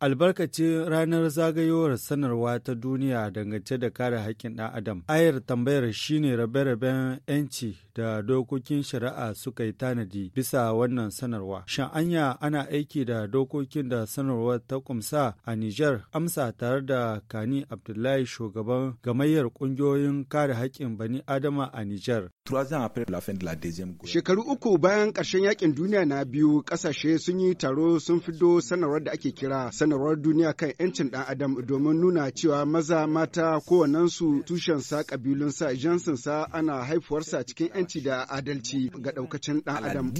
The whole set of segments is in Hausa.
Albarkacin ranar zagayowar sanarwa ta duniya dangance da kare haƙƙin ɗan adam. Ayar tambayar shine rabe-raben 'yanci da dokokin shari'a suka yi tanadi bisa wannan sanarwa. Shan anya ana aiki da dokokin da sanarwar ta kumsa a Niger. amsa tare da Kani Abdullahi shugaban gamayyar ƙungiyoyin kare haƙƙin bani Adama a Niger. Shekaru uku bayan ƙarshen yaƙin duniya na biyu ƙasashe sun yi taro sun fido sanarwar da ake kira sanarwar duniya kan 'yancin dan adam domin nuna cewa maza mata kowannensu tushensa kabilunsa jansinsa ana haifuwarsa cikin 'yanci da adalci ga ɗaukacin dan adam.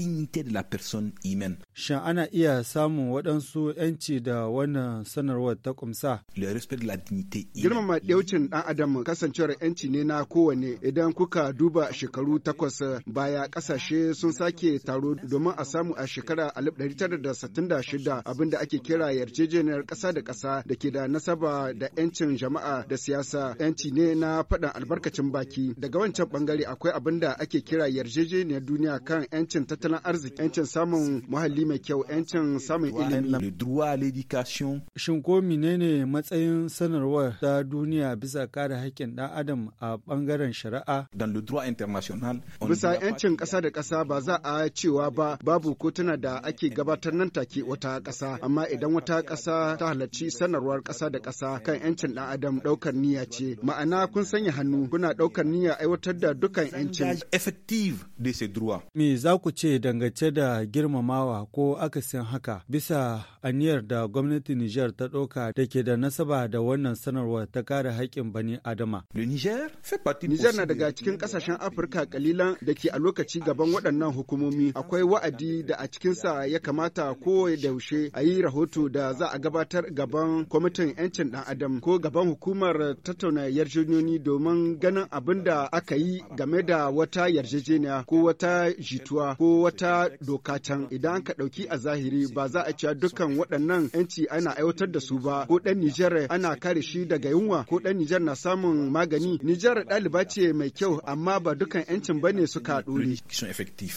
Shin ana iya samun waɗansu 'yanci da wannan sanarwar ta kumsa? Girmama ɗaucin ɗan adam kasancewar 'yanci ne na kowane idan kuka duba shekaru takwas baya ƙasashe sun sake taro domin a samu a shekara 1966 abinda ake kira yarjeje yarjejeniyar ƙasa da ƙasa da ke da nasaba da 'yancin jama'a da siyasa 'yanci ne na faɗin albarkacin baki. Daga wancan bangare akwai abin da ake kira yarjejeniyar duniya kan 'yancin tattalin arziki, 'yancin samun muhalli mai kyau, 'yancin samun ilimi. Shin ko menene matsayin sanarwar ta duniya bisa kare haƙƙin ɗan adam a bangaren shari'a? Dan le droit international. Bisa 'yancin ƙasa da ƙasa ba za a cewa ba babu kotuna da ake gabatar nan take wata ƙasa, amma idan wata ƙasa ƙasa ta halarci sanarwar ƙasa da ƙasa kan 'yancin ɗan adam ɗaukar niyya ce. Ma'ana kun sanya hannu kuna ɗaukar niyya aiwatar da dukkan 'yancin. Me za ku ce dangance da girmamawa ko akasin haka bisa aniyar da gwamnatin Nijar ta ɗauka da ke da nasaba da wannan sanarwar ta kare haƙƙin bani Adama. Nijar na daga cikin ƙasashen Afirka kalilan da ke a lokaci gaban waɗannan hukumomi akwai wa'adi da a cikinsa ya kamata ko da yaushe a yi rahoto da za a gabatar gaban kwamitin 'yancin ɗan adam ko gaban hukumar tattauna yarjejeniyoyi domin ganin abin da aka yi game da wata yarjejeniya ko wata jituwa ko wata doka can idan aka ka ɗauki a zahiri ba za a cewa dukkan waɗannan 'yanci ana aiwatar da su ba ko ɗan Nijar ana kare shi daga yunwa ko ɗan Nijar na samun magani Nijar ɗaliba ce mai kyau amma ba dukkan 'yancin bane suka ɗore.